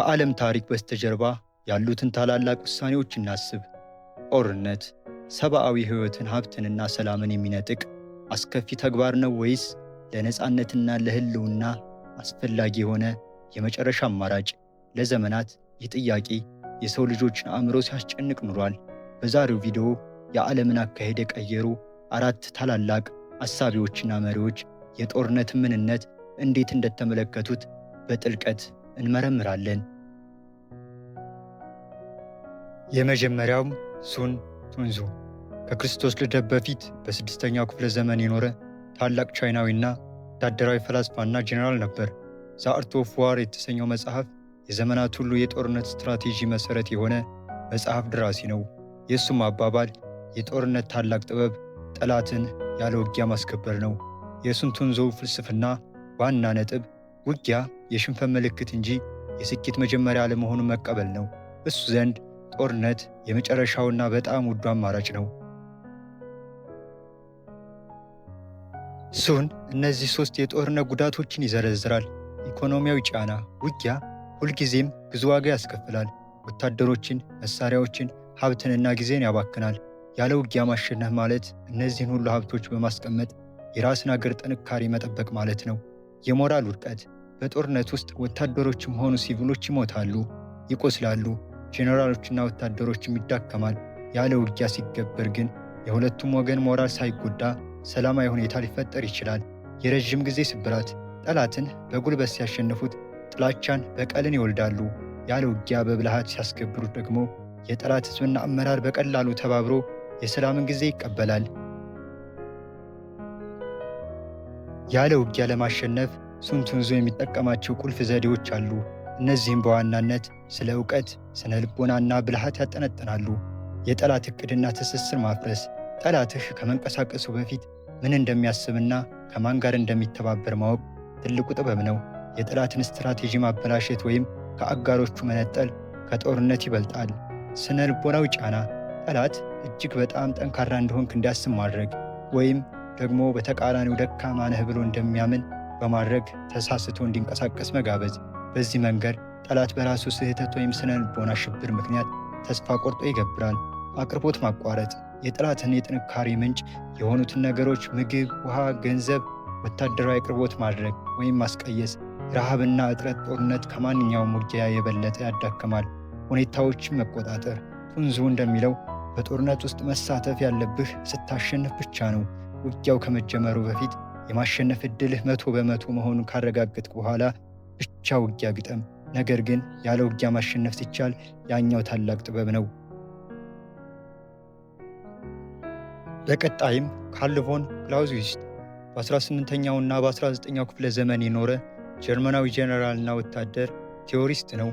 ከዓለም ታሪክ በስተጀርባ ያሉትን ታላላቅ ውሳኔዎች እናስብ። ጦርነት ሰብአዊ ሕይወትን፣ ሀብትንና ሰላምን የሚነጥቅ አስከፊ ተግባር ነው ወይስ ለነፃነትና ለህልውና አስፈላጊ የሆነ የመጨረሻ አማራጭ? ለዘመናት ይህ ጥያቄ የሰው ልጆችን አእምሮ ሲያስጨንቅ ኑሯል። በዛሬው ቪዲዮ የዓለምን አካሄድ የቀየሩ አራት ታላላቅ አሳቢዎችና መሪዎች የጦርነትን ምንነት እንዴት እንደተመለከቱት በጥልቀት እንመረምራለን። የመጀመሪያውም ሱን ቱንዙ ከክርስቶስ ልደት በፊት በስድስተኛው ክፍለ ዘመን የኖረ ታላቅ ቻይናዊና ወታደራዊ ፈላስፋና ጄኔራል ነበር። ዘ አርት ኦፍ ዋር የተሰኘው መጽሐፍ የዘመናት ሁሉ የጦርነት ስትራቴጂ መሠረት የሆነ መጽሐፍ ደራሲ ነው። የእሱም አባባል የጦርነት ታላቅ ጥበብ ጠላትን ያለ ውጊያ ማስከበር ነው። ቱንዞው ፍልስፍና ዋና ነጥብ ውጊያ የሽንፈት ምልክት እንጂ የስኬት መጀመሪያ ለመሆኑ መቀበል ነው። እሱ ዘንድ ጦርነት የመጨረሻውና በጣም ውዱ አማራጭ ነው። ሱን እነዚህ ሶስት የጦርነት ጉዳቶችን ይዘረዝራል። ኢኮኖሚያዊ ጫና፣ ውጊያ ሁልጊዜም ብዙ ዋጋ ያስከፍላል። ወታደሮችን፣ መሳሪያዎችን፣ ሀብትንና ጊዜን ያባክናል። ያለ ውጊያ ማሸነፍ ማለት እነዚህን ሁሉ ሀብቶች በማስቀመጥ የራስን አገር ጥንካሬ መጠበቅ ማለት ነው። የሞራል ውድቀት በጦርነት ውስጥ ወታደሮችም ሆኑ ሲቪሎች ይሞታሉ፣ ይቆስላሉ። ጄኔራሎችና ወታደሮችም ይዳከማል። ያለ ውጊያ ሲገበር ግን የሁለቱም ወገን ሞራል ሳይጎዳ ሰላማዊ ሁኔታ ሊፈጠር ይችላል። የረዥም ጊዜ ስብራት ጠላትን በጉልበት ሲያሸንፉት ጥላቻን፣ በቀልን ይወልዳሉ። ያለ ውጊያ በብልሃት ሲያስገብሩት ደግሞ የጠላት ሕዝብና አመራር በቀላሉ ተባብሮ የሰላምን ጊዜ ይቀበላል። ያለ ውጊያ ለማሸነፍ ሱን የሚጠቀማቸው ቁልፍ ዘዴዎች አሉ። እነዚህም በዋናነት ስለ እውቀት ስነ ልቦናና ብልሃት ያጠነጥናሉ። የጠላት እቅድና ትስስር ማፍረስ፣ ጠላትህ ከመንቀሳቀሱ በፊት ምን እንደሚያስብና ከማን ጋር እንደሚተባበር ማወቅ ትልቁ ጥበብ ነው። የጠላትን ስትራቴጂ ማበላሸት ወይም ከአጋሮቹ መነጠል ከጦርነት ይበልጣል። ስነ ልቦናዊ ጫና፣ ጠላት እጅግ በጣም ጠንካራ እንደሆንክ እንዲያስብ ማድረግ ወይም ደግሞ በተቃራኒው ደካማ ነህ ብሎ እንደሚያምን በማድረግ ተሳስቶ እንዲንቀሳቀስ መጋበዝ። በዚህ መንገድ ጠላት በራሱ ስህተት ወይም ስነ ልቦና ሽብር ምክንያት ተስፋ ቆርጦ ይገብራል። አቅርቦት ማቋረጥ የጠላትን የጥንካሬ ምንጭ የሆኑትን ነገሮች ምግብ፣ ውሃ፣ ገንዘብ፣ ወታደራዊ አቅርቦት ማድረግ ወይም ማስቀየስ። ረሃብና እጥረት ጦርነት ከማንኛውም ውጊያ የበለጠ ያዳክማል። ሁኔታዎችን መቆጣጠር ቁንዙ እንደሚለው በጦርነት ውስጥ መሳተፍ ያለብህ ስታሸንፍ ብቻ ነው። ውጊያው ከመጀመሩ በፊት የማሸነፍ ዕድልህ መቶ በመቶ መሆኑን ካረጋገጥክ በኋላ ብቻ ውጊያ ግጠም። ነገር ግን ያለ ውጊያ ማሸነፍ ሲቻል ያኛው ታላቅ ጥበብ ነው። በቀጣይም ካርል ቮን በ18ኛውና በ19ኛው ክፍለ ዘመን የኖረ ጀርመናዊ ጄኔራልና ወታደር ቴዎሪስት ነው።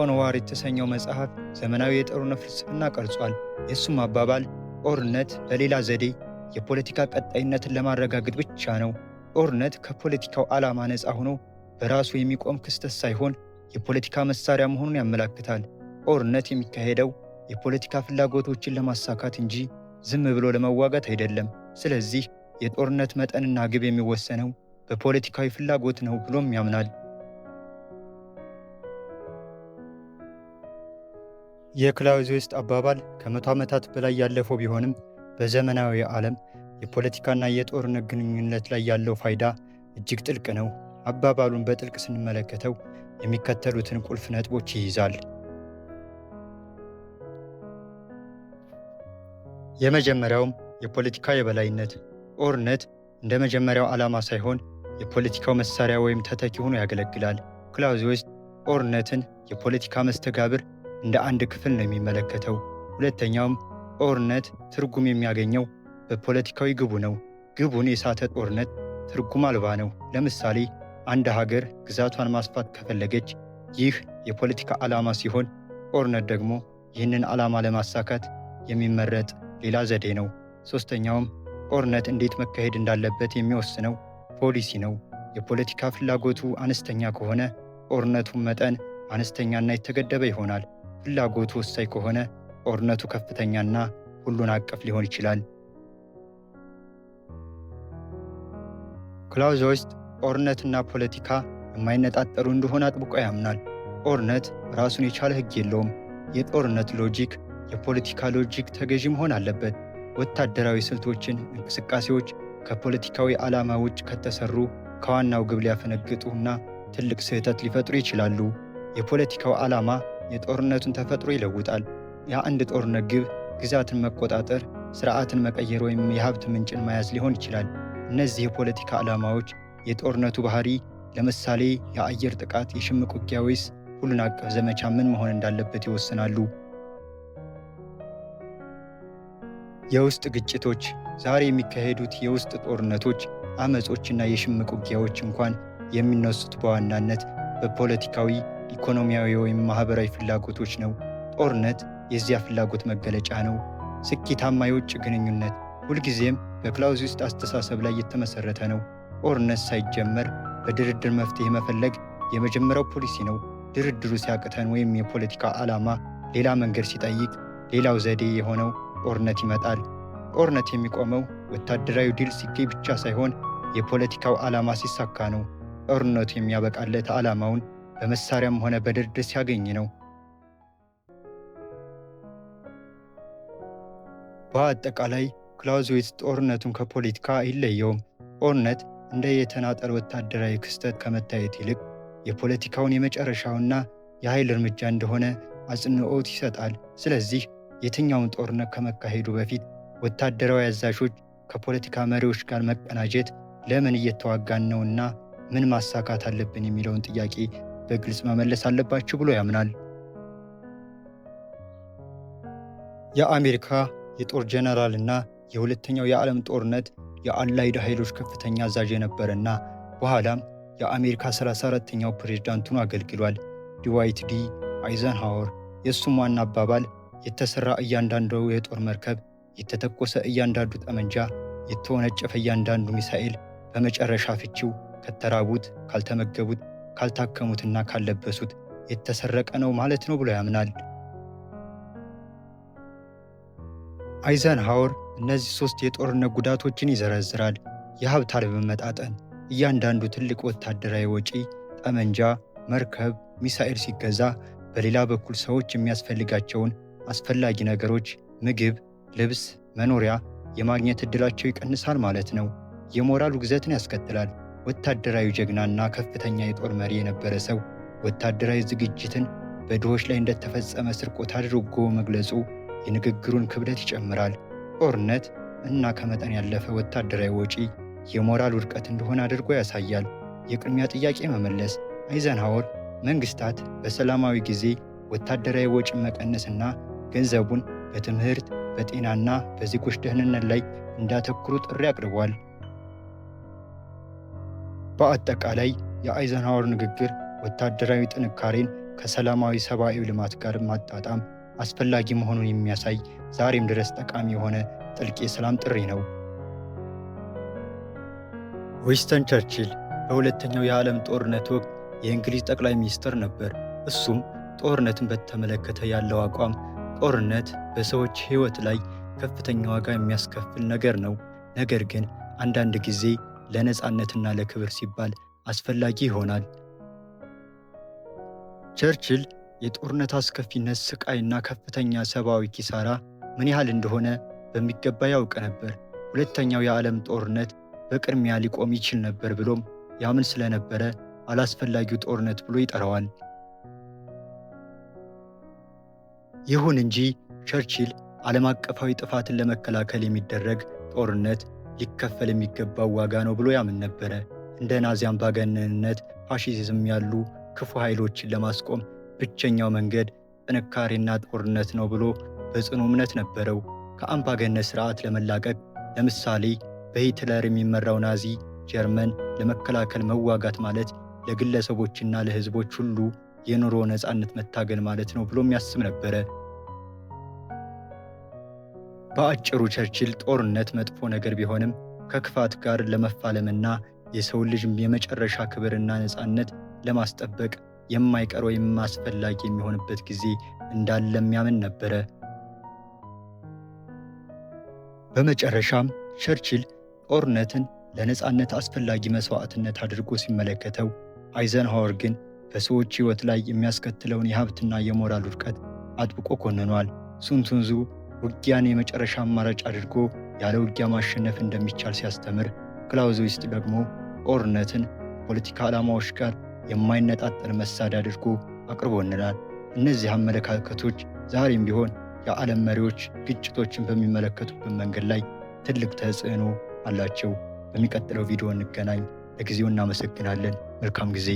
ኦን ዋር የተሰኘው መጽሐፍ ዘመናዊ የጦርነት ፍልስፍና ቀርጿል። የእሱም አባባል ጦርነት በሌላ ዘዴ የፖለቲካ ቀጣይነትን ለማረጋገጥ ብቻ ነው። ጦርነት ከፖለቲካው ዓላማ ነፃ ሆኖ በራሱ የሚቆም ክስተት ሳይሆን የፖለቲካ መሳሪያ መሆኑን ያመላክታል። ጦርነት የሚካሄደው የፖለቲካ ፍላጎቶችን ለማሳካት እንጂ ዝም ብሎ ለመዋጋት አይደለም። ስለዚህ የጦርነት መጠንና ግብ የሚወሰነው በፖለቲካዊ ፍላጎት ነው ብሎም ያምናል። ውስጥ አባባል ከመቶ ዓመታት በላይ ያለፈው ቢሆንም በዘመናዊ ዓለም የፖለቲካና የጦርነት ግንኙነት ላይ ያለው ፋይዳ እጅግ ጥልቅ ነው። አባባሉን በጥልቅ ስንመለከተው የሚከተሉትን ቁልፍ ነጥቦች ይይዛል። የመጀመሪያውም የፖለቲካ የበላይነት። ጦርነት እንደ መጀመሪያው ዓላማ ሳይሆን የፖለቲካው መሳሪያ ወይም ተተኪ ሆኖ ያገለግላል። ክላውዝዊትዝ ጦርነትን የፖለቲካ መስተጋብር እንደ አንድ ክፍል ነው የሚመለከተው። ሁለተኛውም ጦርነት ትርጉም የሚያገኘው በፖለቲካዊ ግቡ ነው። ግቡን የሳተ ጦርነት ትርጉም አልባ ነው። ለምሳሌ አንድ ሀገር ግዛቷን ማስፋት ከፈለገች ይህ የፖለቲካ ዓላማ ሲሆን፣ ጦርነት ደግሞ ይህንን ዓላማ ለማሳካት የሚመረጥ ሌላ ዘዴ ነው። ሦስተኛውም ጦርነት እንዴት መካሄድ እንዳለበት የሚወስነው ፖሊሲ ነው። የፖለቲካ ፍላጎቱ አነስተኛ ከሆነ ጦርነቱን መጠን አነስተኛና የተገደበ ይሆናል። ፍላጎቱ ወሳኝ ከሆነ ጦርነቱ ከፍተኛና ሁሉን አቀፍ ሊሆን ይችላል። ክላውዝዊትዝ ጦርነትና ፖለቲካ የማይነጣጠሩ እንደሆነ አጥብቆ ያምናል። ጦርነት ራሱን የቻለ ሕግ የለውም። የጦርነት ሎጂክ የፖለቲካ ሎጂክ ተገዢ መሆን አለበት። ወታደራዊ ስልቶችን፣ እንቅስቃሴዎች ከፖለቲካዊ ዓላማ ውጭ ከተሰሩ ከዋናው ግብ ሊያፈነግጡና ትልቅ ስህተት ሊፈጥሩ ይችላሉ። የፖለቲካው ዓላማ የጦርነቱን ተፈጥሮ ይለውጣል። የአንድ ጦርነት ግብ ግዛትን መቆጣጠር፣ ስርዓትን መቀየር ወይም የሀብት ምንጭን መያዝ ሊሆን ይችላል። እነዚህ የፖለቲካ ዓላማዎች የጦርነቱ ባህሪ፣ ለምሳሌ የአየር ጥቃት፣ የሽምቅ ውጊያ ወይስ ሁሉን አቀፍ ዘመቻ ምን መሆን እንዳለበት ይወስናሉ። የውስጥ ግጭቶች ዛሬ የሚካሄዱት የውስጥ ጦርነቶች፣ አመጾችና የሽምቅ ውጊያዎች እንኳን የሚነሱት በዋናነት በፖለቲካዊ ኢኮኖሚያዊ ወይም ማህበራዊ ፍላጎቶች ነው። ጦርነት የዚያ ፍላጎት መገለጫ ነው። ስኬታማ የውጭ ግንኙነት ሁልጊዜም ውስጥ አስተሳሰብ ላይ የተመሠረተ ነው። ጦርነት ሳይጀመር በድርድር መፍትሄ መፈለግ የመጀመሪያው ፖሊሲ ነው። ድርድሩ ሲያቅተን ወይም የፖለቲካ ዓላማ ሌላ መንገድ ሲጠይቅ ሌላው ዘዴ የሆነው ጦርነት ይመጣል። ጦርነት የሚቆመው ወታደራዊ ድል ሲገኝ ብቻ ሳይሆን የፖለቲካው ዓላማ ሲሳካ ነው። ጦርነቱ የሚያበቃለት ዓላማውን በመሳሪያም ሆነ በድርድር ሲያገኝ ነው። በአጠቃላይ ክላውዝዊትዝ ጦርነቱን ከፖለቲካ አይለየውም። ጦርነት እንደ የተናጠል ወታደራዊ ክስተት ከመታየት ይልቅ የፖለቲካውን የመጨረሻውና የኃይል እርምጃ እንደሆነ አጽንዖት ይሰጣል። ስለዚህ የትኛውን ጦርነት ከመካሄዱ በፊት ወታደራዊ አዛዦች ከፖለቲካ መሪዎች ጋር መቀናጀት ለምን እየተዋጋን ነውና ምን ማሳካት አለብን የሚለውን ጥያቄ በግልጽ መመለስ አለባቸው ብሎ ያምናል። የአሜሪካ የጦር ጀነራል እና የሁለተኛው የዓለም ጦርነት የአላይድ ኃይሎች ከፍተኛ አዛዥ የነበረና በኋላም የአሜሪካ 34ተኛው ሆኖ አገልግሏል። ዲዋይት ዲ አይዘንሃወር የእሱም ዋና አባባል የተሠራ እያንዳንዱ የጦር መርከብ፣ የተተኮሰ እያንዳንዱ ጠመንጃ፣ የተወነጨፈ እያንዳንዱ ሚሳኤል በመጨረሻ ፍቺው ከተራቡት፣ ካልተመገቡት፣ ካልታከሙትና ካልለበሱት የተሰረቀ ነው ማለት ነው ብሎ ያምናል። አይዘንሃወር እነዚህ ሦስት የጦርነት ጉዳቶችን ይዘረዝራል። የሀብት አለመመጣጠን፣ እያንዳንዱ ትልቅ ወታደራዊ ወጪ ጠመንጃ፣ መርከብ፣ ሚሳኤል ሲገዛ፣ በሌላ በኩል ሰዎች የሚያስፈልጋቸውን አስፈላጊ ነገሮች ምግብ፣ ልብስ፣ መኖሪያ የማግኘት ዕድላቸው ይቀንሳል ማለት ነው። የሞራል ውግዘትን ያስከትላል። ወታደራዊ ጀግናና ከፍተኛ የጦር መሪ የነበረ ሰው ወታደራዊ ዝግጅትን በድሆች ላይ እንደተፈጸመ ስርቆት አድርጎ መግለጹ የንግግሩን ክብደት ይጨምራል። ጦርነት እና ከመጠን ያለፈ ወታደራዊ ወጪ የሞራል ውድቀት እንደሆነ አድርጎ ያሳያል። የቅድሚያ ጥያቄ መመለስ አይዘንሃወር መንግስታት በሰላማዊ ጊዜ ወታደራዊ ወጪ መቀነስና ገንዘቡን በትምህርት በጤናና በዜጎች ደህንነት ላይ እንዳተኩሩ ጥሪ አቅርቧል። በአጠቃላይ የአይዘንሃወር ንግግር ወታደራዊ ጥንካሬን ከሰላማዊ ሰብአዊ ልማት ጋር ማጣጣም አስፈላጊ መሆኑን የሚያሳይ ዛሬም ድረስ ጠቃሚ የሆነ ጥልቅ የሰላም ጥሪ ነው። ዊንስተን ቸርችል በሁለተኛው የዓለም ጦርነት ወቅት የእንግሊዝ ጠቅላይ ሚኒስትር ነበር። እሱም ጦርነትን በተመለከተ ያለው አቋም ጦርነት በሰዎች ሕይወት ላይ ከፍተኛ ዋጋ የሚያስከፍል ነገር ነው፣ ነገር ግን አንዳንድ ጊዜ ለነፃነትና ለክብር ሲባል አስፈላጊ ይሆናል። ቸርችል የጦርነት አስከፊነት ስቃይና ከፍተኛ ሰብአዊ ኪሳራ ምን ያህል እንደሆነ በሚገባ ያውቅ ነበር። ሁለተኛው የዓለም ጦርነት በቅድሚያ ሊቆም ይችል ነበር ብሎም ያምን ስለነበረ አላስፈላጊው ጦርነት ብሎ ይጠራዋል። ይሁን እንጂ ቸርችል ዓለም አቀፋዊ ጥፋትን ለመከላከል የሚደረግ ጦርነት ሊከፈል የሚገባው ዋጋ ነው ብሎ ያምን ነበረ። እንደ ናዚ አምባገነንነት፣ ፋሺዝም ያሉ ክፉ ኃይሎችን ለማስቆም ብቸኛው መንገድ ጥንካሬና ጦርነት ነው ብሎ በጽኑ እምነት ነበረው። ከአምባገነት ሥርዓት ለመላቀቅ ለምሳሌ በሂትለር የሚመራው ናዚ ጀርመን ለመከላከል መዋጋት ማለት ለግለሰቦችና ለሕዝቦች ሁሉ የኑሮ ነፃነት መታገል ማለት ነው ብሎም ያስብ ነበረ። በአጭሩ ቸርችል ጦርነት መጥፎ ነገር ቢሆንም ከክፋት ጋር ለመፋለምና የሰው ልጅ የመጨረሻ ክብርና ነፃነት ለማስጠበቅ የማይቀር ወይም አስፈላጊ የሚሆንበት ጊዜ እንዳለም ያምን ነበረ። በመጨረሻም ቸርችል ጦርነትን ለነፃነት አስፈላጊ መስዋዕትነት አድርጎ ሲመለከተው፣ አይዘንሃወር ግን በሰዎች ሕይወት ላይ የሚያስከትለውን የሀብትና የሞራል ውድቀት አጥብቆ ኮንኗል። ሱንቱንዙ ውጊያን የመጨረሻ አማራጭ አድርጎ ያለ ውጊያ ማሸነፍ እንደሚቻል ሲያስተምር፣ ክላውዝዊትስ ደግሞ ጦርነትን ፖለቲካ ዓላማዎች ጋር የማይነጣጠል መሳድ አድርጎ አቅርቦንላል። እነዚህ አመለካከቶች ዛሬም ቢሆን የዓለም መሪዎች ግጭቶችን በሚመለከቱበት መንገድ ላይ ትልቅ ተጽዕኖ አላቸው። በሚቀጥለው ቪዲዮ እንገናኝ። ለጊዜው እናመሰግናለን። መልካም ጊዜ